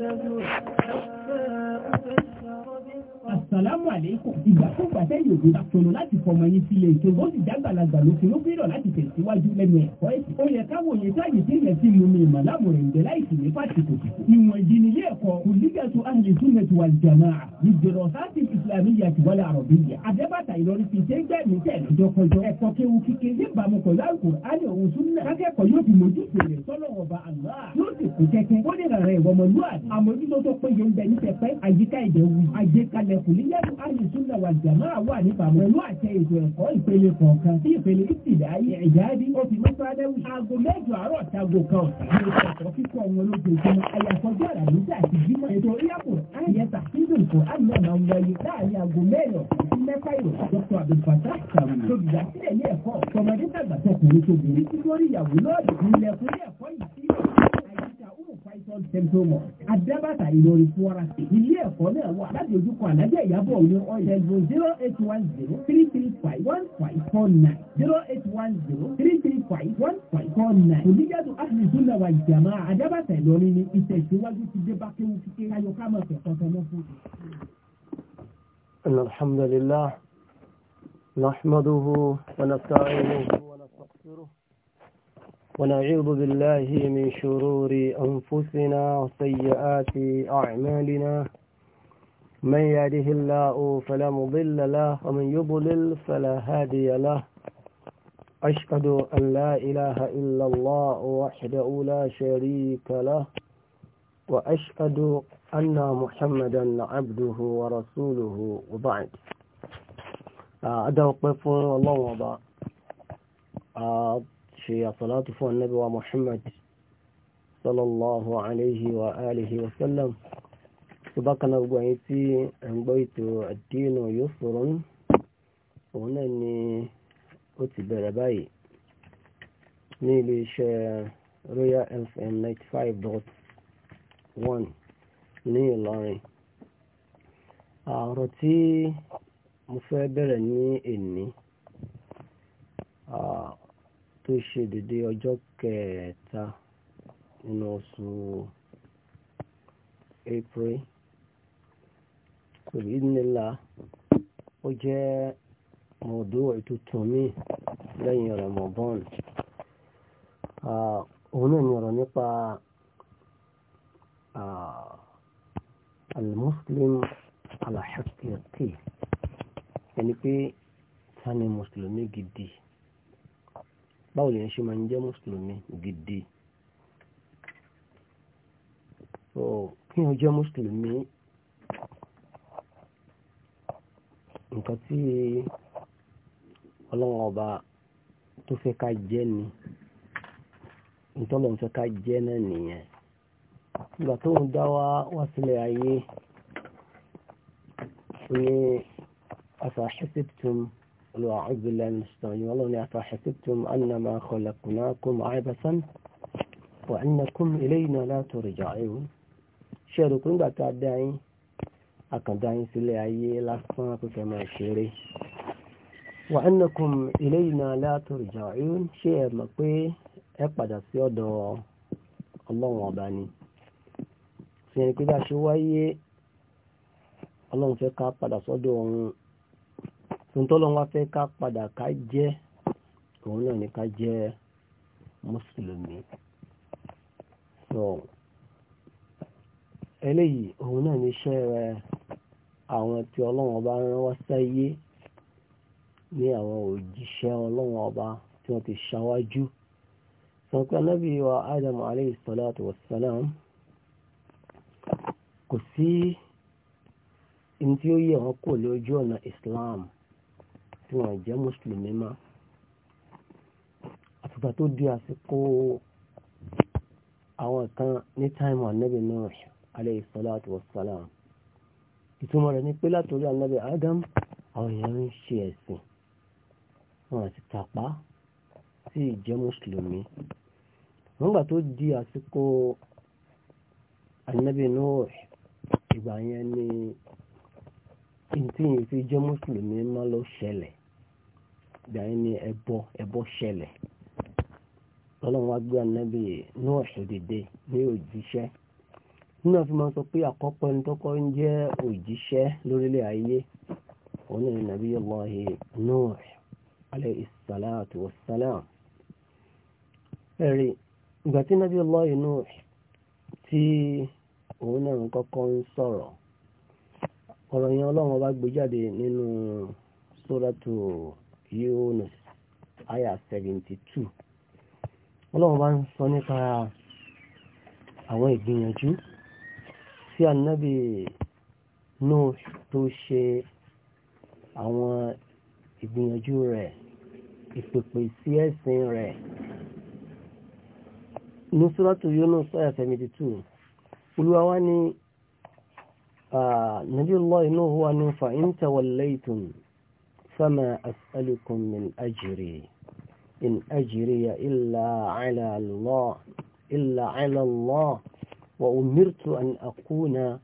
تهوى الأخفاء Àsàlámù àlékò. Ìgbàkúgbà sẹ́yìn òde bá pinnu láti fọmọ yín sílé ètò ó sì jágbàlagbà lókè ló bírọ̀ láti tẹ̀síwájú lẹ́nu ẹ̀kọ́ ẹ̀sìn. Ó yẹ káwòye sáàyè tí ilẹ̀ ti mú mi ìmọ̀ lámùrẹ̀ ìgbẹ́ láìsí ní fásitì. Ìwọ̀n ìdínilé ẹ̀kọ́ kò nígbàtú ahli sunnati wal jamaa. Ìgbèrò sáàtì ìsìlámíyà ti wọlé àrọ̀bíyà. Àdẹ́bàtà Ìlọrin ti ṣe ń gbẹ́ mi tẹ̀ lọ́jọ́kọjọ́. Ẹ̀kọ́ kéwu kíke níbàámu pẹ̀lú Al-Qur'ani òun súnmọ́. Akẹ́kọ̀ọ́ yóò fi mojú àgbékalẹ̀ kò ní yẹ́nu àlùsùnà wà jàmáà wà nípa pẹ̀lú àtẹ ètò ẹ̀kọ́ ìpele kọ̀ọ̀kan tí ìpele ìsìlẹ̀ ayé ẹ̀já bí ó ti mọ́sálẹ́wù. aago mẹ́jọ àárọ̀ tago kan ọ̀sán ní ọ̀pọ̀ kíkọ́ wọn lójoojúmọ́ àyàfọ́jọ́ àràlúdà àti jímọ̀ ètò ìyàpò àyẹ̀sà sídùn kò àmì ọ̀nà ń wáyé láàrin aago mẹ́rin sí mẹ́fà ìrọ̀ dr abdulfatah sàmù lóbi tẹ́gbọ́mọ̀ adábàtà ìlọrin fún ara sí ilé ẹ̀kọ́ náà wà láti ojúkọ àlájẹ́ ìyàbọ̀ ní ọ̀yẹ̀gbọ̀ zero eight one zero three three five one five four nine zero eight one zero three three five one five four nine onídàdùn ahli sunna wal jamaa adábàtà ìlọrin ní ìtẹ̀síwájú ti dé bá kéwù kíké ayọ̀ ká máa fẹ̀kọ́ tọ́lọ́ fún Alhamdulillah nahmaduhu ونعوذ بالله من شرور أنفسنا وسيئات أعمالنا من يهده الله فلا مضل له ومن يضلل فلا هادي له أشهد أن لا إله إلا الله وحده لا شريك له وأشهد أن محمدا عبده ورسوله وبعد آه، أدعو قفوا الله وضع آه، ṣe àsàlátù fún ànábì wa Muhammad sallallahu alayhi wa alihi wa sallam tó bá kaná gbogbo ẹ̀yin tí ẹ̀ ń gbọ́ ètò àdínà yusrun òun náà ni ó ti bẹ̀rẹ̀ báyìí ní iléeṣẹ́ Royal FM 95.1 ní Ìlọrin ọ̀rọ̀ tí mo fẹ́ bẹ̀rẹ̀ ní èní tó ṣe dédé ọjọ́ kẹta nínú oṣù April pẹ̀lú ìdínlá ó jẹ́ mọ̀ọ́dọ́ ìtútùn mi lẹ́yìn Ramadan òun náà ni ọ̀rọ̀ nípa al-Muslim ẹni pé ta ni mùsùlùmí gidi báwo lè ń ṣe máa ń jẹ́ mùsùlùmí gidi so kí wọ́n jẹ́ mùsùlùmí nǹkan tí ọlọ́run ọba tó fẹ́ ká jẹ́ ni ìtọ́lọ̀ ń fẹ́ ká jẹ́ náà nìyẹn ìgbà tó ń dá wá wá sílẹ̀ ayé ní asàṣẹ́sẹ́tùmù. قل أعوذ بالله من الشيطان الرجيم والله أفحسبتم أنما خلقناكم عبثا وأنكم إلينا لا ترجعون ṣẹ́rùkún gbà tá a dá yín àkàndá yín sílẹ̀ ayé lásán pípẹ́ máa ṣeré wa annakum ilayna la turja'un ṣé ẹ mọ̀ pé ẹ padà sí ọ̀dọ̀ ọlọ́run ọba ni ṣe ni pé bá ṣe wáyé ọlọ́run fẹ́ ká padà sọ́dọ̀ ọ̀run tuntun wa fẹ́ ká padà ká jẹ́ òun náà ni ká jẹ́ mùsùlùmí so eléyìí òun náà ni iṣẹ́ rẹ àwọn tí ọlọ́run ọba rán wá sáyé ní àwọn òjíṣẹ́ ọlọ́run ọba tí wọ́n ti ṣáwájú sọ̀kẹ́ anábì wa adam aleyhi salatu wa salam kò sí ní tí ó yẹ wọn kò lójú ọ̀nà islam tí wọ́n jẹ́ mùsùlùmí mọ́ àtìgbà tó di àsìkò àwọn kan ní táìmù ànábì náà alayhi salatu wassalam ìtumọ̀ rẹ̀ ní pé látòrí ànábì adam àwọn èèyàn ń ṣe ẹ̀sìn wọn àti tàpá sí ìjẹ́ mùsùlùmí nígbà tó di àsìkò ànábì náà ìgbà yẹn ni ìtìyìn fi jẹ́ mùsùlùmí má ló ṣẹlẹ̀ ìgbà yẹn ni ẹbọ ṣẹlẹ̀ ọlọ́run wá gbé náà ṣòdìdè ní òjíṣẹ́ nínú àfi máa sọ pé àkọ́kọ́ ẹni tó ń jẹ́ òjíṣẹ́ lórílẹ̀ ayé òun ni nàbí Allahi Nuh alayhi ẹ̀rí ìgbà tí nàbí Allahi Nuh tí òun náà kọ́kọ́ ń sọ̀rọ̀ ọ̀rọ̀ yẹn Yunus aya seventy two ọlọ́run bá ń sọ nípa àwọn ìgbìyànjú tí ànábì Nuh tó ṣe àwọn ìgbìyànjú rẹ̀ ìpèpè sí ẹ̀sìn rẹ̀ ní suratu Yunus aya seventy two olúwa wá ní nàbí Allah Nuh wá ní fa in tawallaytum. فما أسألكم من أجري إن أجري إلا على الله إلا على الله وأمرت أن أكون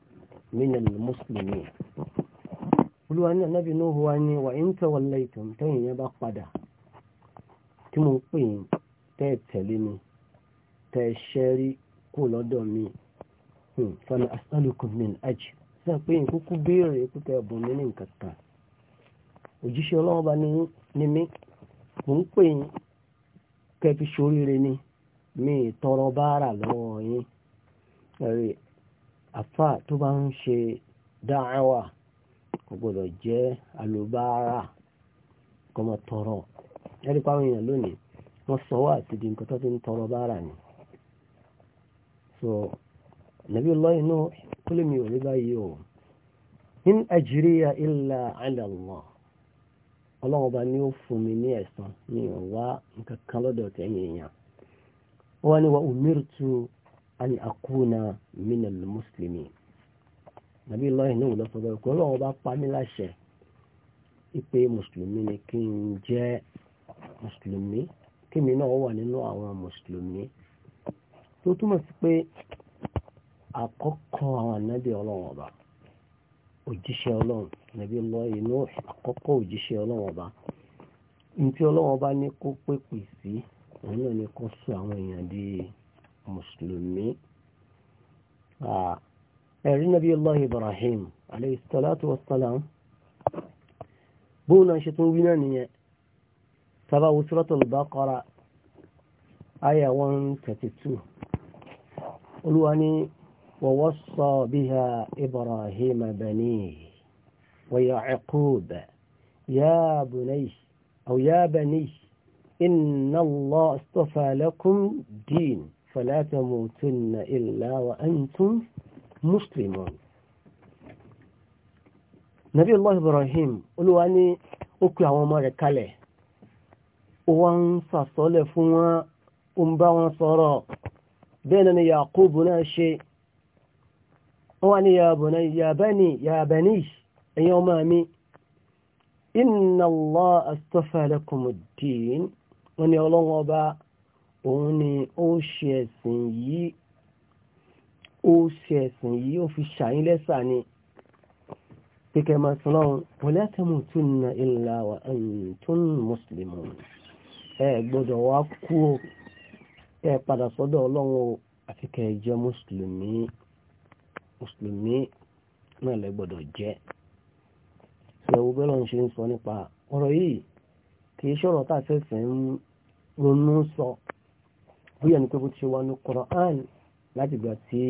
من المسلمين قلوا أن النبي نوح وأني وإن توليتم تين يبقى قدا تمقين تتلمي تشاري كل دومي فما أسألكم من أجر سأقين كوكو بيري كوكو بومنين كتان òjíṣẹ́ ọlọ́wọ́n bá ní mí mò ń pè yín kẹfí ni mi tọrọ báárà lọ́wọ́ yín ẹ̀rí àfà tó bá ń ṣe dáhàwà kò gbọdọ̀ jẹ́ alùbáárà kò tọrọ ẹ̀rí pàwọn èèyàn lónìí wọ́n sọ wá àti di nǹkan tó ti ń tọrọ báárà ni so nàbí lọ́yìn náà kúlẹ̀ mi ò rí báyìí o in ajriya illa ala Allah. ọlọ́run ọba ni ó fún mi ní ẹ̀san mi ò wá nǹkan kan lọ́dọ̀ tẹ̀yìn èèyàn ó wá ní wa umirtu an akuna minal muslimin nàbí lọ́yìn náà lọ́sọ̀ bẹ́ẹ̀ kó ọlọ́run ọba pa mí láṣẹ ipe mùsùlùmí ni kí n jẹ́ mùsùlùmí kí mi náà wà nínú àwọn mùsùlùmí tó túmọ̀ sí pé àkọ́kọ́ àwọn ànábì ọlọ́run ọba òjíṣẹ́ ọlọ́run nàbí lọ inú àkọ́kọ́ òjíṣẹ́ ọlọ́run ọba ntí ọlọ́run ọba ní kó pèpè sí òun náà ní kó sọ àwọn èèyàn di mùsùlùmí ẹ̀rí nàbí lọ́hìn Ibrahim alayhi salatu wassalam bóun náà ṣe tún wí náà nìyẹn sábà wo Suratul Baqara aya one olúwa ní. ووصى بها إبراهيم بنيه ويعقوب يا بني أو يا بني إن الله اصطفى لكم دين فلا تموتن إلا وأنتم مسلمون نبي الله إبراهيم قلوا أني أكوى ومارك كاله وانصى صلى فوا أمبا وانصرا بيننا يعقوب ناشي wọ́n wá ní yàbùnà yàbẹ́ni yàbẹ́ni ẹ̀yin ọmọ mi inna Allah astafa lakumuddin wọ́n ní ọlọ́wọ́ bá òun ni ó ṣe ẹ̀sìn yìí ó ṣe ẹ̀sìn yìí ó fi ṣàyín lẹ́sà ni kíkẹ́ máa sọ lọ́run wala tamutunna illa wa mùsùlùmí náà lẹ gbọ́dọ̀ jẹ́ ṣẹ̀wó bẹ́ẹ̀ lọ́n ṣe ń sọ nípa ọ̀rọ̀ yìí kì í ṣọ̀rọ̀ tá a fẹ́fẹ́ ń ronú sọ bóyá ní pé bó ti ṣe wà ní Qur'an láti gbà tí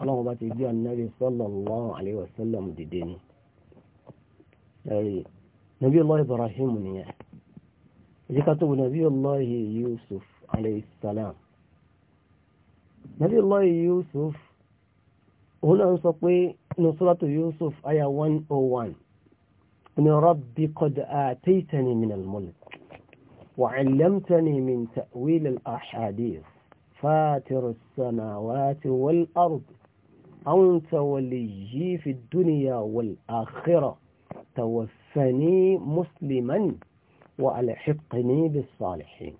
ọlọ́run bá ti gbé ànábì sallallahu Ibrahim nìyẹn ìdíkà Yusuf alaihi Yusuf هنا نصطي نصرة يوسف آية 101 إن ربي قد آتيتني من الملك وعلمتني من تأويل الأحاديث فاتر السماوات والأرض أنت وليي في الدنيا والآخرة توفني مسلما وألحقني بالصالحين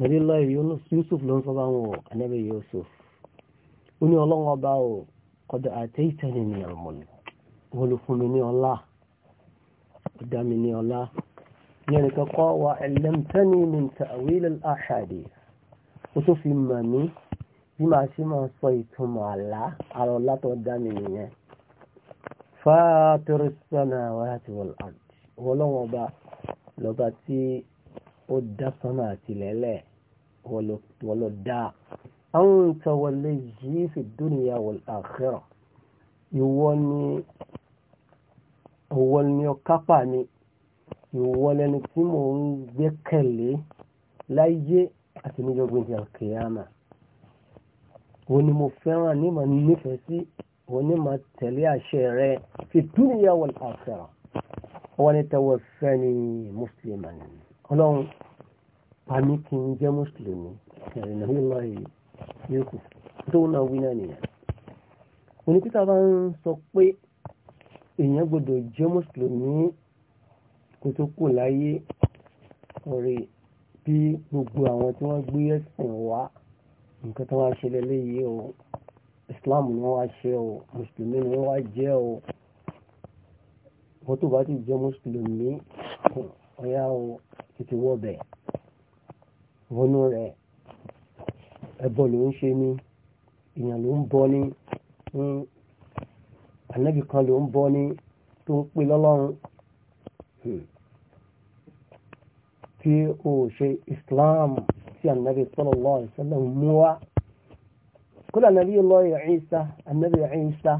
نبي الله يوسف لنصدامه النبي يوسف ó ní ọlọ́run ọba ò kọ́dọ̀ àti ìtẹ́lẹ̀ ní ọmọlẹ̀ wọ́n ló fún mi ní ọlá ó dá mi ní ọlá ní ẹnìkan kọ́ wa ẹlẹ́mtẹ́ni min ta'wil al-ahadi ó tó fi mọ̀ mí bí màá ṣe máa sọ ìtumọ̀ àlá àrọ̀ látọ̀ dá nìyẹn fàátọ́rọ̀ sọ́nà wáyàtí أنت ولي في الدنيا والآخرة يواني يواني وكفاني يواني نتيمون بكلي لا يجي أتنيجو بنت القيامة وني مفرع نيما نفسي ونيما تلي أشيري في الدنيا والآخرة ونتوفاني مسلما ọlọ́run pàmí kí n jẹ́ mùsùlùmí ẹ̀rìnà yìí lọ́yìí yóò kù tó náà wí náà nìyẹn òní peter bá ń sọ pé èèyàn gbọdọ̀ jẹ́ mùsùlùmí kó tó kù láyé ọ̀rẹ́ bí gbogbo àwọn tí wọ́n gbé ẹ̀sìn wá nǹkan tó wá ṣe lélẹ́yìí o islam ni wọ́n wá ṣe o mùsùlùmí ni wọ́n wá jẹ́ o wọ́n tó bá ti jẹ́ mùsùlùmí ọ̀yá o tètè wọ́ bẹ̀ wọnú rẹ̀ ẹbọ ló ń ṣe ni èèyàn ló ń bọ ní ànábì kan ló ń bọ ní tó ń pè lọ́lọ́run hmm. tí o ṣe Islam tí ànábì sallallahu alaihi wasallam mú wá kódà ànábì lọ́yẹ̀ Ìsá ànábì Ìsá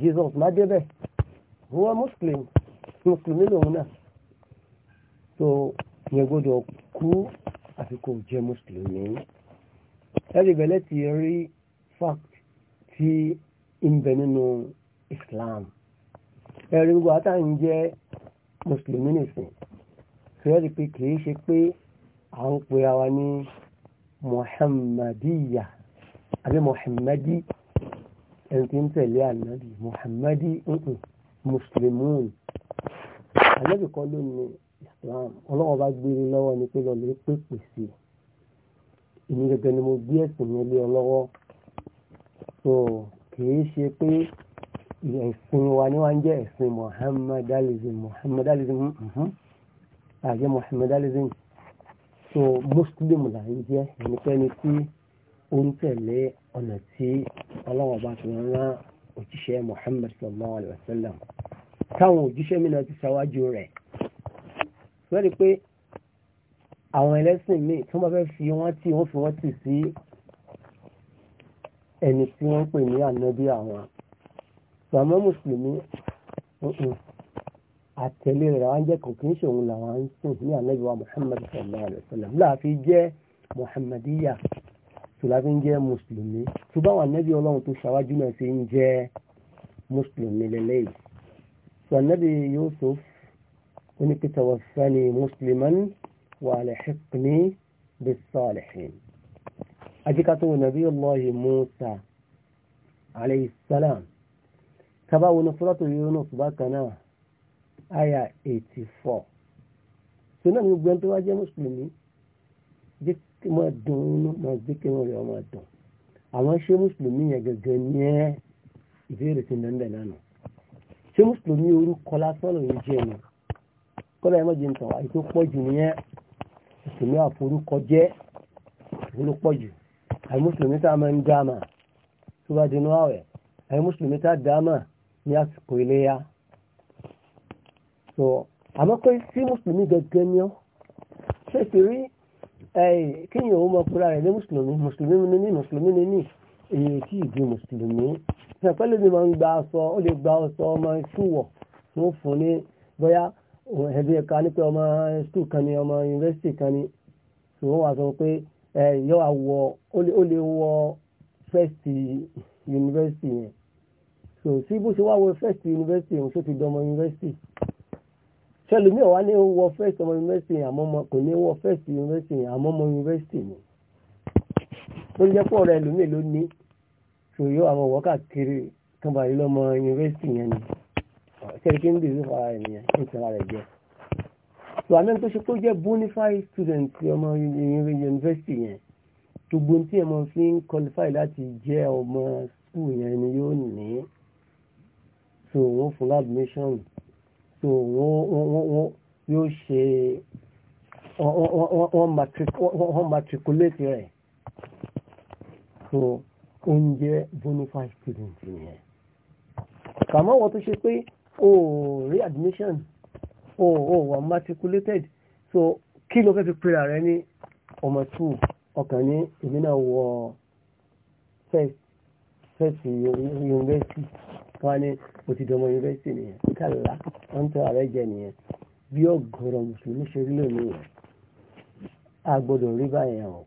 Jesus má débẹ̀ wọ́n muslim muslim lòun náà so yẹn gbọ́dọ̀ kú àfikún jẹ́ mùsùlùmí ẹ̀rí ìbẹ̀lẹ̀ ti rí fact ti ń bẹ nínú Islam ẹ̀rí gbogbo àtàrin jẹ́ mùsùlùmí nìsín fẹ́ẹ̀rí pé kìí ṣe pé à ń pè àwa ní Muhammadiyya àbí Muhammadi ẹni tí ń tẹ̀lé ànábì Muhammadi mùsùlùmún ànábì kan ló ní Islam ọlọ́wọ́ bá gbére lọ́wọ́ ni pé lọ́ọ́ lè pèpè sí i èmi gẹ́gẹ́ ni mo gbé ẹ̀sìn yẹn lé ọ lọ́wọ́ so kìí ṣe pé ẹ̀sìn wa ni wọ́n ń jẹ́ ẹ̀sìn mohammedalism mohammedalism àjẹ́ mhm, mohammedalism so muslim là ń jẹ́ ẹnikẹ́ni tí ó ń tẹ̀lé ọ̀nà tí ọlọ́wọ́n bá ti rán òjíṣẹ́ Muhammad sallallahu alaihi wasallam táwọn òjíṣẹ́ mìíràn ti ṣáwájú rẹ̀ wọ́n pé àwọn ẹlẹ́sìn míì tí wọ́n fẹ́ fi wọ́n tì wọ́n fi wọ́n tì sí ẹni tí wọ́n pè ní ànábí àwọn bàmọ́ mùsùlùmí àtẹ̀lé rẹ̀ wọ́n jẹ́ kò kí ń ṣòun làwọn ń sìn ní ànábí wa Muhammad sallallahu alayhi sallam láàfin jẹ́ Muhammadiya tùláfin jẹ́ mùsùlùmí tó báwọn ànábí ọlọ́run tó ṣáwájú náà fi ń jẹ́ mùsùlùmí Yusuf oníkítà wọ́n fẹ́ والحقني بالصالحين أجيكاتو نبي الله موسى عليه السلام كبا ونصرة يونس باكنا آية 84 سنة يبين تواجه مسلمي جيك ما دون ما جيك ما ريو ما دون àwọn ṣé mùsùlùmí yẹn gẹ́gẹ́ ní ẹ́ ìbéèrè tí nẹ́ndẹ̀ lánàá ṣé mùsùlùmí orúkọ lásán lòun jẹ́ ni kọ́lá ẹ̀mọ́jì ń tàn àìkú pọ̀ jù nìyẹn mùsùlùmí àforúkọjẹ́ olùpọ̀ jù àyè mùsùlùmí tá a máa ń dáàmà tó bá dinú àwẹ̀ àyè mùsùlùmí tá a dáàmà ní àsìkò iléyà so àmọ́ pé sí mùsùlùmí gẹ́gẹ́ ni ọ́ ṣé ti rí kíyàn ó mọ pé ara rẹ̀ ní mùsùlùmí mùsùlùmí ni ní mùsùlùmí ni ní èyí tí ìdí mùsùlùmí ṣàpẹ́lẹ́ mi máa ń gba aṣọ ó lè gba aṣọ ọmọ ìṣúwọ̀ wọ́n fún ní bóyá ẹbí ẹ̀ka ní pé ọmọ skul kan ni ọmọ yunifásitì kan ni so wọ́n wá sọ pé ẹ yọ àwọ ó lè wọ first yunifásitì yẹn so sí bó ṣe wá wọ first yunifásitì òun tó ti dọmọ yunifásitì ṣẹlùmí ọ̀wá ní wọ first ọmọ yunifásitì àmọ́ kò ní wọ first yunifásitì àmọ́ ọmọ yunifásitì ni ó jẹ́ pọ̀ rẹ̀ lómi ló ní ṣòyó àwọn ọ̀wọ́ káàkiri kan bàrí lọ́mọ yunifásitì yẹn ni ṣẹ́ríkí ń bè ní fara ènìyàn ní ìsinra rẹ̀ jẹ́ tó àmì tó ṣe kó jẹ́ bonify student ọmọ yunifásitì yẹn gbogbo tí ẹ mọ̀ fi ń qualify láti jẹ́ ọmọ school yẹn ni yóò ní so wọ́n fún admission so wọ́n yóò ṣe wọ́n matriculate rẹ̀ so oúnjẹ bonify student yẹn kàmọ́ wọ́n tó ṣe pé o rí admission o o wà matriculated so kí ló fẹ́ fi pèrè rẹ ní ọmọ two ọkàn ní èmi náà wọ first first university wọn ni mo ti dọmọ university nìyẹn kálá wọn tẹ ààrẹ jẹ nìyẹn bí ọ̀gọ̀rọ̀ mùsùlùmí ṣe rí lónìí yẹn a gbọ́dọ̀ rí báyẹn o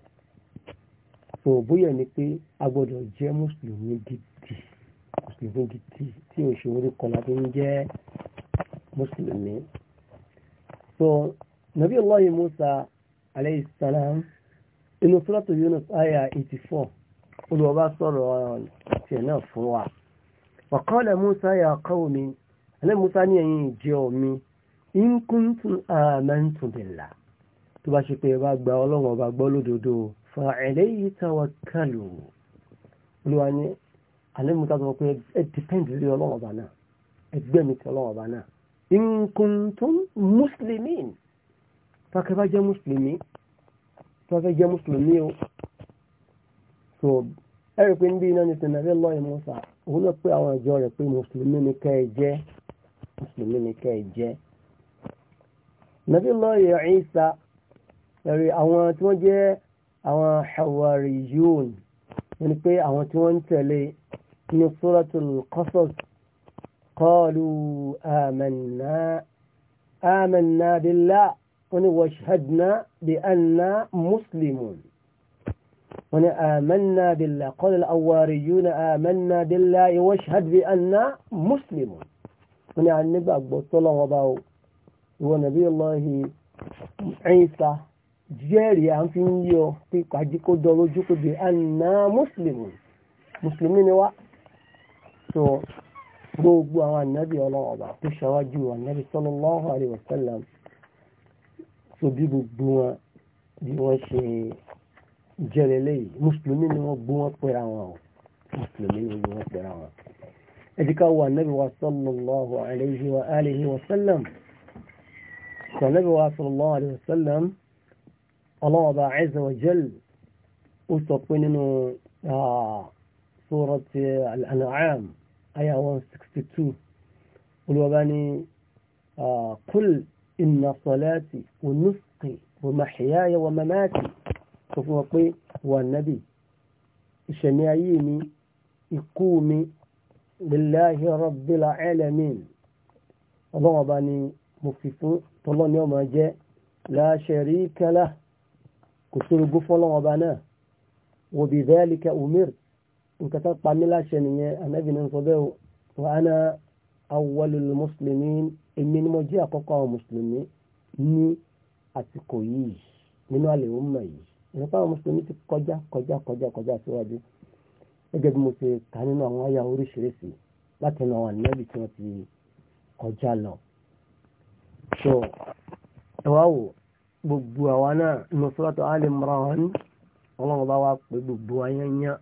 so bóyá ni pé a gbọ́dọ̀ jẹ́ mùsùlùmí gidi ìwé gidi tí oṣù orúkọ láti ń jẹ́ mùsùlùmí. so nàbí Allah Musa alayhi salam inú suratu Yunus aya 84 olùwọ́bá sọ̀rọ̀ tiẹ̀ náà fún wa. wa qala Musa ya qawmi alẹ́ Musa ní ẹ̀yin ìjẹ́ omi in kuntum amantum billah tó bá ṣe pé ẹ gba ọlọ́run ọba gbọ́ lódodo fa alayhi tawakkalu olúwa ní alẹ́ mi ká sọ pé ẹ depend lé ọlọ́run ọba náà ẹgbẹ́ mi ti ọlọ́run ọba náà in kuntum muslimin tọ́kẹ́ bá jẹ́ mùsùlùmí tọ́kẹ́ jẹ́ mùsùlùmí o so ẹ̀rì pé níbi iná ní sinadé lọ́ọ̀yì musa òun náà pé àwọn ìjọ rẹ̀ pé mùsùlùmí ni kẹ́ ẹ jẹ́ mùsùlùmí ni kẹ́ ẹ jẹ́ nàbí lọ́ọ̀yì Ìsá ẹ̀rì àwọn tí wọ́n jẹ́ àwọn hawariyun ẹni pé àwọn tí wọ́n ń tẹ̀lé ní suratul Qasas qalu amanna amanna billah wọ́n ní washhadna bi anna muslimun wọ́n ní amanna billah qala al-hawariyuna amanna billahi washhad bi anna muslimun wọ́n ní a nígbàgbọ́ tọ́lọ́wọ́ bá o ìwọ nàbí ọlọ́hì Ìsá jẹ́rìí à ń fi ń yọ pípa jí kó dọ lójú kó di anna muslimun mùsùlùmí ni wá so gbogbo àwọn ànábì ọlọ́wọ́ ọba tó ṣáwájú ànábì sallallahu alaihi wasallam so bí gbogbo wọn bí wọ́n ṣe jẹ́rẹ̀ lẹ́yìn mùsùlùmí ni wọ́n gbó wọn pẹ̀ra wọn o mùsùlùmí ni wọ́n gbó wọn pẹ̀ra wọn. ẹ̀díkà wà ànábì wa sallallahu alaihi wasallam sọ wa sallallahu alaihi wasallam ọlọ́wọ́ ọba ó sọ pé nínú ah, surati al-an'am aya 162 olùwàbá ní kúl inna salati wa nusuki wa mahyaya wa mamati sọ fún wa pé wà nábì ìṣẹ̀mí ayé mi ikú mi lillahi rabbil alamin ọlọ́wàbá ní mo fi fún tọ́lọ́ ni ọmọ jẹ́ la sharika lah kò sórogún fọ́lọ́wàbá náà wa bidhalika umirt nǹkan tó pa mí láṣẹ nìyẹn ànábì ní sọ bẹ́ẹ̀ wà á ná awwalul muslimin èmi ni mo jẹ́ àkọ́kọ́ àwọn mùsùlùmí ní àsìkò yìí nínú àlè òmùmọ̀ yìí ìrọ̀pá àwọn mùsùlùmí ti kọjá kọjá kọjá kọjá síwájú gẹ́gẹ́ bí mo ṣe kà nínú àwọn àyà oríṣiríṣi láti ẹnu àwọn ànábì tí wọ́n ti kọjá lọ. so ẹ wá wò gbogbo àwa náà nusratu Ali Imran ọlọ́run bá wá pé gbogbo ayẹyẹ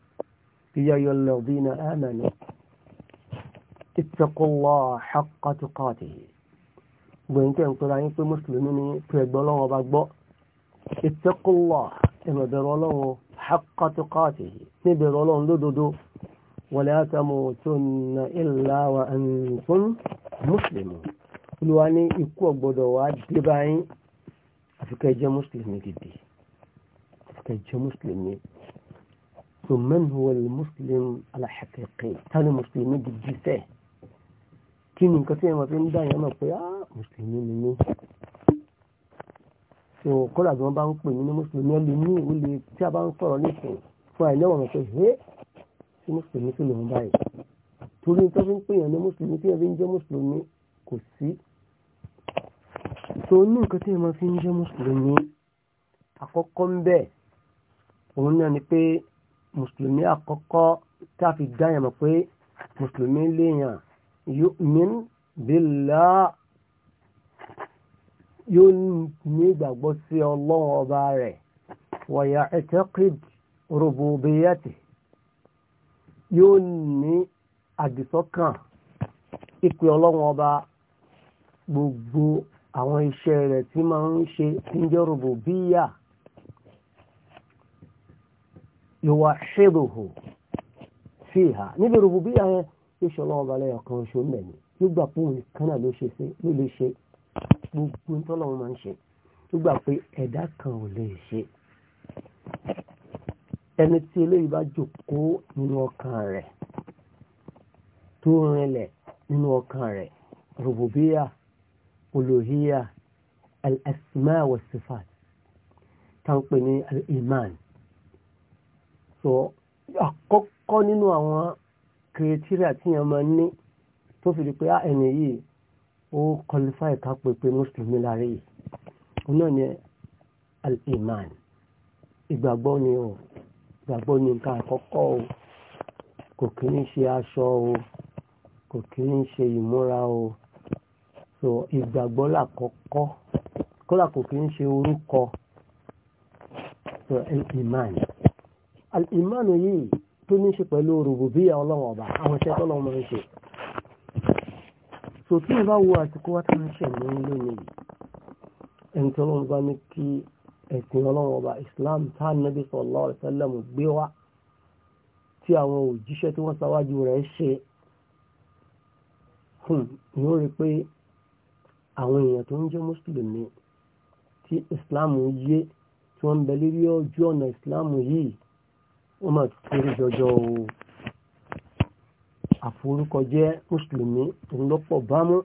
يا أيها الذين آمنوا اتقوا الله حق تقاته وإن كان قرآن في مسلمين تقبل الله بقبو اتقوا الله إما برولون حق تقاته نبرولون لدودو ولا تموتن إلا وأنتم مسلمون olùwani ikú ọ̀gbọ́dọ̀ wá dé báyìí àfikẹ́ jẹ́ mùsùlùmí gidi àfikẹ́ jẹ́ mùsùlùmí so man huwa al-muslim al-haqiqi tani mùsùlùmí gidi sẹ́ kí ni nǹkan tí ẹ̀ máa fi ń dá yẹn mọ̀ pé ah mùsùlùmí ni mí so kódà bí wọ́n bá ń pè mí ní mùsùlùmí ẹ̀ lè ní ìwé lè tí a bá ń sọ̀rọ̀ nísìn fún àìlẹ́wọ̀n mọ̀ pé hé sí mùsùlùmí sí lòun báyìí torí tó fi ń pè yàn ní mùsùlùmí tí ẹ̀ fi ń jẹ́ mùsùlùmí kò sí so ní nǹkan tí ẹ̀ máa fi ń jẹ́ mùsùlùmí àkọ́kọ́ ń bẹ̀ òun náà ni pé mùsùlùmí àkọ́kọ́ tí a fi dáyàn mọ̀ pé mùsùlùmí léèyàn yu'min billah yóò ní ìgbàgbọ́ sí ọlọ́run ọba rẹ̀ wa ya'taqid rububiyyati yóò ní àdìsọ́kàn ìpè ọlọ́run ọba gbogbo àwọn iṣẹ́ rẹ̀ tí máa ń ṣe tí ń jẹ́ rububiyya yuwahiduhu fiha níbi rububiyya yẹn yóò ṣe ọlọ́wọ́ balẹ̀ ọ̀kan oṣù mẹ́rin nígbà pé òun kan náà ló ṣe sí ló lè ṣe gbogbo ń tọ́lọ́wọ́ máa ń ṣe nígbà pé ẹ̀dá kan ò lè ṣe ẹni tí eléyìí bá jòkó nínú ọkàn rẹ̀ tó rinlẹ̀ nínú ọkàn rẹ̀ rububiyya uluhiyya al-asma wa tá ń pè ní al so àkọ́kọ́ nínú àwọn kìrìtíríà tí yẹn máa ní tó fi di pé ah, ẹni yìí ó qualify ká pé pé mùsùlùmí lára yìí òun náà ni al-iman ìgbàgbọ́ ni o ìgbàgbọ́ ni nǹkan àkọ́kọ́ o kò kí ní ṣe aṣọ o kò kí ní ṣe ìmúra o so ìgbàgbọ́ làkọ́kọ́ kódà kò kí ní ṣe orúkọ so al-iman alìmánu yìí tó ní ṣe pẹ̀lú rububiyya ọlọ́wọ̀n ọba àwọn iṣẹ́ tó lọ́wọ́ ń ṣe sòtí ìbá wo àsìkò wá tán ṣẹ̀ ní lónìí ẹni tí ọlọ́wọ́n bá ní kí ẹ̀sìn ọlọ́wọ́n ọba Islam tá nàbí sallallahu alaihi wasallam gbé wá tí àwọn òjíṣẹ́ tí wọ́n sáwájú wọ́n máa kéré jọjọ o àforúkọjẹ́ mùsùlùmí òun lọ́pọ̀ bámú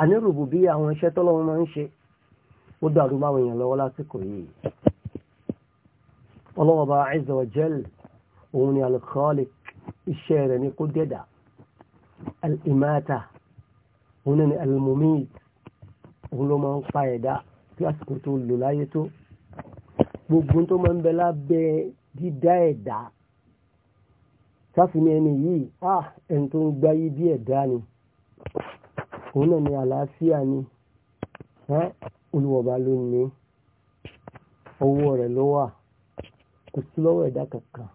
anírùbù bí àwọn iṣẹ́ tọ́lọ́wọ́n máa ń ṣe ó dàrú báwọn èèyàn lọ́wọ́ lásìkò yìí ọlọ́wọ́ba Azza wa òun ni al iṣẹ́ rẹ̀ ni kó dẹ̀dà al-imata òun ni al-mumit òun ló máa ń pa ẹ̀dá kí àsìkò tó lò láyé tó gbogbo tó máa ń bẹ lábẹ́ dídá ẹ̀dá sáfìní ẹni yìí à ah, ẹni tó ń gbáyé bí ẹ̀dá ni òun náà ni àlàáfíà ni olùwọ̀ba ló ní ọwọ́ rẹ̀ ló wà kò sí lọ́wọ́ ẹ̀dá kankan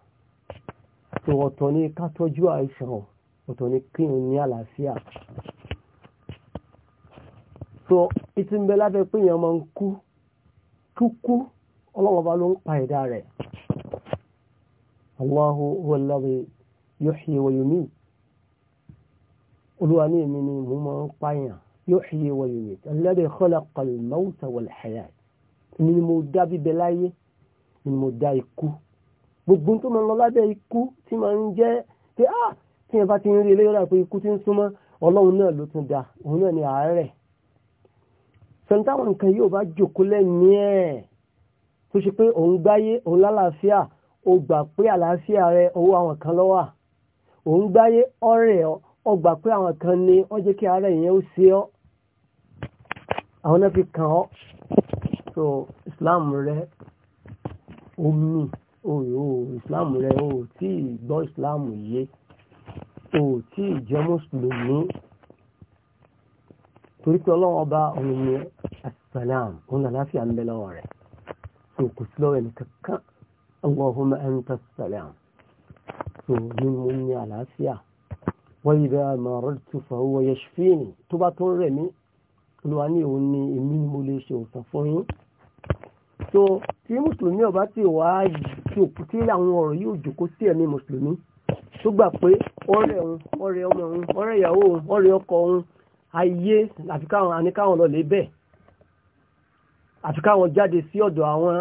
tó ọ̀tọ̀ ní ká tọ́jú àìsàn ọ̀tọ̀ ní kí n ní àlàáfíà so ìtìǹbẹ̀ lábẹ́ pé èèyàn máa ń kú kúkú ọlọ́wọ́ba ló ń pa ẹ̀dá rẹ̀ Allahu huwa alladhi yuhyi wa yumit olúwa ní èmi ni mo máa ń pààyàn yuhyi wa yumit alladhi khalaqa al-mawta wal-hayat èmi ni mo dá bíbẹ láyé ni mo dá ikú gbogbo tó máa ń lọ lábẹ́ ikú tí máa ń jẹ́ pé á ah, tí ẹ bá ti ń rí eléyọ́ rà pé ikú ti ń súnmọ́ ọlọ́run náà ló tún da òun náà ni àárẹ̀ sọ̀rọ̀ táwọn nǹkan yóò bá jòkó lẹ́ni ẹ̀ tó ṣe pé òun gbáyé òun lálàáfíà o gbà pé àlàáfíà rẹ owó àwọn kan ló wà ò ń gbáyé ọ̀rẹ́ ọ gbà pé àwọn kan ni ọ jẹ́ kí ara ìyẹn ó ṣe ọ́ àwọn náà fi kàn ọ́ so Islam rẹ omi òyò Islam rẹ o tí ì gbọ́ Islam yé o tí ì jẹ́ mùsùlùmí torí pé ọlọ́run ọba òun ni asalaam òun àlàáfíà ń bẹ lọ́wọ́ rẹ̀ so kò sí lọ́wọ́ ẹnì kankan اللهم أنت السلام من مني على سيا وإذا مررت فهو يشفيني تبا تنرمي لواني وني إمين موليشي وصفوني so tí mùsùlùmí ọba ti wà á jòkó tí àwọn ọ̀rọ̀ yóò jòkó sí ẹ̀mí mùsùlùmí tó gbà pé ọ̀rẹ́ òun ọ̀rẹ́ ọmọ òun ọ̀rẹ́ ìyàwó òun ọ̀rẹ́ ọkọ òun ayé àfi lọ lè bẹ̀ àfi jáde sí ọ̀dọ̀ àwọn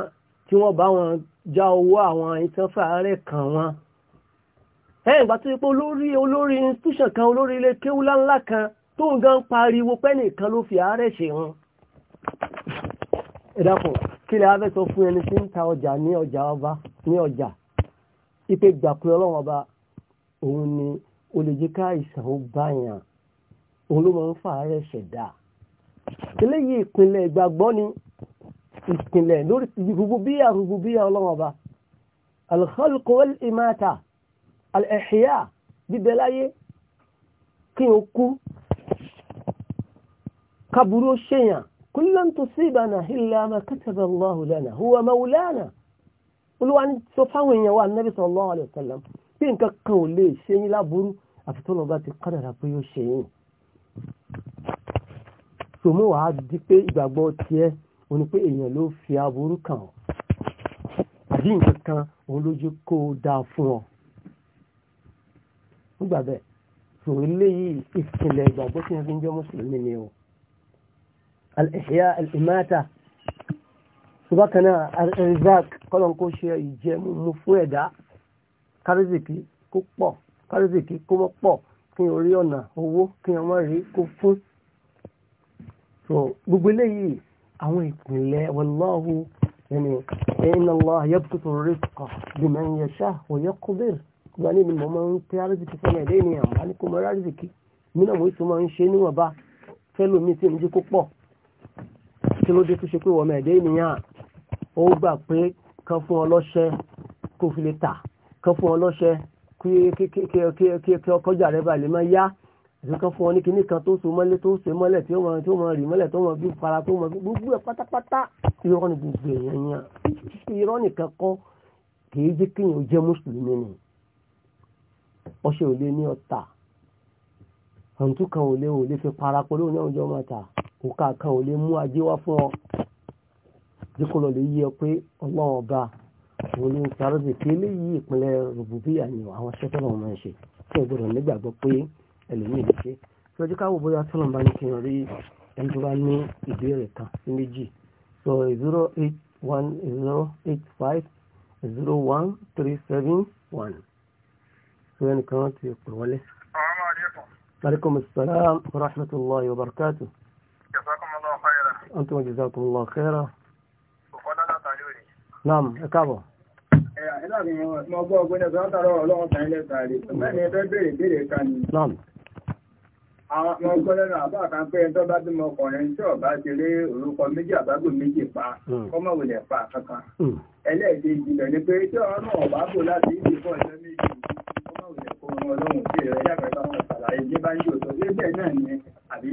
tí wọ́n bá wọn já owó àwọn ìtànfààrẹ kan wọn ẹ̀yìn ìgbà tó yẹ pé olórí olórí institution kan olórí ilé kéwúlá ńlá kan tó ń gan pariwo pẹ́nìkan ló fi àárẹ̀ ṣe wọn ẹ dákun kí lè abẹ́ sọ fún ẹni tí ń ta ọjà ní ọjà ọba ní ọjà ipe gbàpé ọlọ́run ọba òun ni o lè jẹ́ ká ìsàn ó báyàn òun ló máa ń fa àárẹ̀ ṣẹ̀dá eléyìí ìpínlẹ̀ ìgbàgbọ́ ni ìpìlẹ̀ lórí rúbúbíyà rúbúbíyà ọlọ́wọ́n ọba alkhalqu wal imata al-ihya bíbẹ̀ láyé kí n kú kaburu ṣèyàn kullan tusibana illa ma kataba Allahu lana huwa maulana olúwa ní sọ fáwọn èèyàn wa nabi sallallahu alayhi wa sallam bí nǹkan kan ò lè ṣe o ní pé èèyàn ló fi aburú kàn ọ́ àbí nǹkan kan òun lójú kó o dáa fún ọ nígbà bẹ́ẹ̀ sọ eléyìí ìpìlẹ̀ ìgbàgbọ́ tí wọ́n fi ń jẹ́ mùsùlùmí ni o al-ihya al-imata subakana al-rizak kọ́lọ́n kó ṣe ìjẹ mú fún ẹ̀dá kárìzìkì kó pọ̀ kárìzìkì kó mọ́ pọ̀ kí orí ọ̀nà owó kí wọ́n rí kó fún so gbogbo eléyìí àwọn ìpìnlẹ̀ wọláhù ẹni inna Allah yabsutu rizqa liman yasha wa yaqdir gbogbo àní ni mo máa ń pẹ́ àrísìkì fún ẹ̀dẹ́ ènìyàn wà ní kò mọ àrísìkì mí náà mo tún máa ń ṣe níwọ̀n bá fẹ́lú mi tí mo jí kó kí ló dé tó ṣe pé wọ́n ẹ̀dẹ́ ènìyàn ó gbà pé kan fún ọ lọ́ṣẹ́ kó fi lè tà kan fún ọ lọ́ṣẹ́ kí ọkọjà rẹ balẹ̀ máa yá àti kan fún ọ ní kinní kan tó so mọ́lẹ̀ tó so mọ́lẹ̀ tí ó mọ tí ó mọ rì mọ́lẹ̀ tó mọ bí para tó mọ gbogbo ẹ̀ pátápátá irọ́ ni gbogbo èèyàn yẹn irọ́ nìkan kọ́ kì í jẹ́ kéèyàn jẹ́ mùsùlùmí ni ọṣẹ ò lé ní ọ̀tà ọ̀ǹtú kan ò lé ò lè fi para pẹ̀lú òní àwùjọ máa tà òkà kan ò lè mú ajé wá fún ọ díkùlọ lè yí ẹ pé ọlọ́run ọba òun ló ń sáré bèké eléyìí ìpínlẹ̀ rògbòbíyà ni àwọn ṣẹ́fẹ́ náà máa ń ṣe tí ẹ nígbàgbọ́ pé ẹlòmíì lè ṣe tí ọjọ́ káwọ́ bóyá tó lọ́nà bá ní kí n rí ẹni tó bá ní ìbéèrè kan sí méjì so zero eight one zero eight five zero one three seven one so ẹnìkan ti pè wọlé. عليكم السلام ورحمة الله وبركاته جزاكم الله خيرا أنتم جزاكم الله خيرا نعم أكابو Ìlànà ọgbọ́n ọgbọ́n ẹ̀sán àtàrà ọlọ́ọ̀sán ilẹ̀ tààrí, mẹ́rin ẹgbẹ́ bèèrè bèèrè kan ni. Náà. àwọn ọmọ ọgbọ́n lẹ́nu pé ẹjọ́ bá bímọ ọkùnrin tí ọba ti rí orúkọ méjì àbábò méjì pa hmm. kọ́mọ̀wìlẹ̀ pa kankan hmm. ẹlẹ́ẹ̀kejì rẹ̀ ni pé tí náà láti ìdí fún ọjọ́ méjì ọlọ́run sí bá wọn ṣàlàyé bá yóò bí bẹ́ẹ̀ náà ni àbí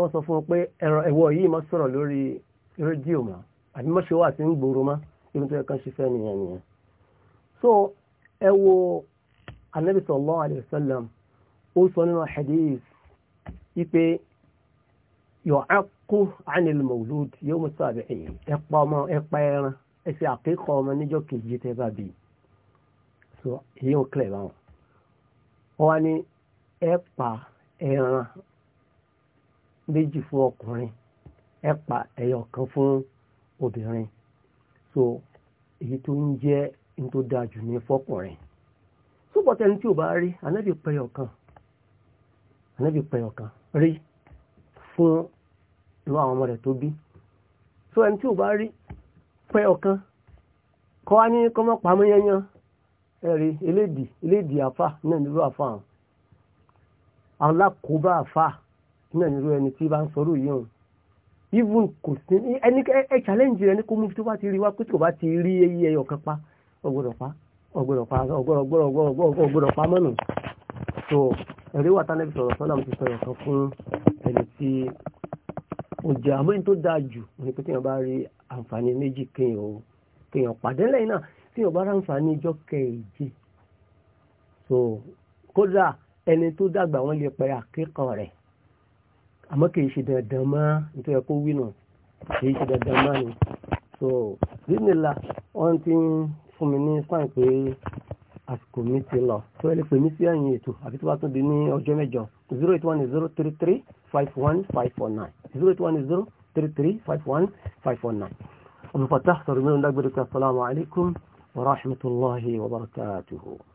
bẹ́ẹ̀ gbúrú rédíò mọ́ àbí mọ́ṣẹ́ wà tí ń gbòòrò mọ́ ibi tó yẹ kán ṣiṣẹ́ nìyẹn nìyẹn. so ẹ wo anabi sallallahu alayhi wa sallam ó sọ nínú hadith ipe yu'aqqu 'anil mawlud yawm as-sabi'in ẹ̀pà ọmọ ẹ̀pà ẹran ẹ̀sẹ̀ àkíkọ̀ ọmọ níjọ́ kejì tẹ́ bá bí so èyí ò kílẹ̀ báwọn. wọ́n wá ní ẹ̀pà ẹran méjì fún ọkùnrin ẹ pa ẹyọ kan fún obìnrin so èyí tó ń jẹ́ ní tó dáa jù ní fọ́kùnrin sọ́pọ̀ tẹni tí ò bá rí anábì pẹyọ kan anábì pẹyọ kan rí fún inú àwọn ọmọ rẹ̀ tó bí so ẹni tí ò bá rí pẹyọ kan kọ́ wá ní kọ́mọ́ pamọ́ yányán ẹ̀rí elédìí elédìí àfà náà nílò àfà àwọn alákòóbá àfà náà nílò ẹni tí bá ń sọ̀rọ̀ yìí hàn even kò sí ẹni ẹ challenge rẹ ní kó mú tó bá ti rí wá pé tó bá ti rí eyín ẹyọ kan pa ọgbọ́dọ̀ pa ọgbọ́dọ̀ pa ọgbọ́dọ̀ pa mọ́nù so ẹ̀rí wà tánẹ́bí sọ̀rọ̀ sọ́lá ti sọ̀rọ̀ kan fún ẹni tí ó jẹ́ àmọ́ tó dáa jù ní pé téèyàn bá rí àǹfààní méjì kéèyàn pàdé lẹ́yìn náà téèyàn bá rí àǹfààní ìjọ kẹ̀ẹ́jì so kódà ẹni tó dàgbà wọ́n lè pẹ́ àkẹ́kọ̀ọ́ rẹ̀ àmọ́ kìí ṣe dandan mọ́ nítorí ẹ̀kọ́ wínà kìí ṣe dandan mọ́ ni so zinila wọ́n ti ń fún mi ní sáà pé àsìkò mi ti lọ tó ẹ lè pè mí sí ẹ̀yìn ètò àfi tó bá tún di ní ọjọ́ mẹ́jọ zero eight one zero three three five one five four nine zero eight one zero three three five one five four nine. Abdul Fattah sọ̀rọ̀ mẹ́rin dágbére kan salamu alaykum wa rahmatulahi wa barakatuhu.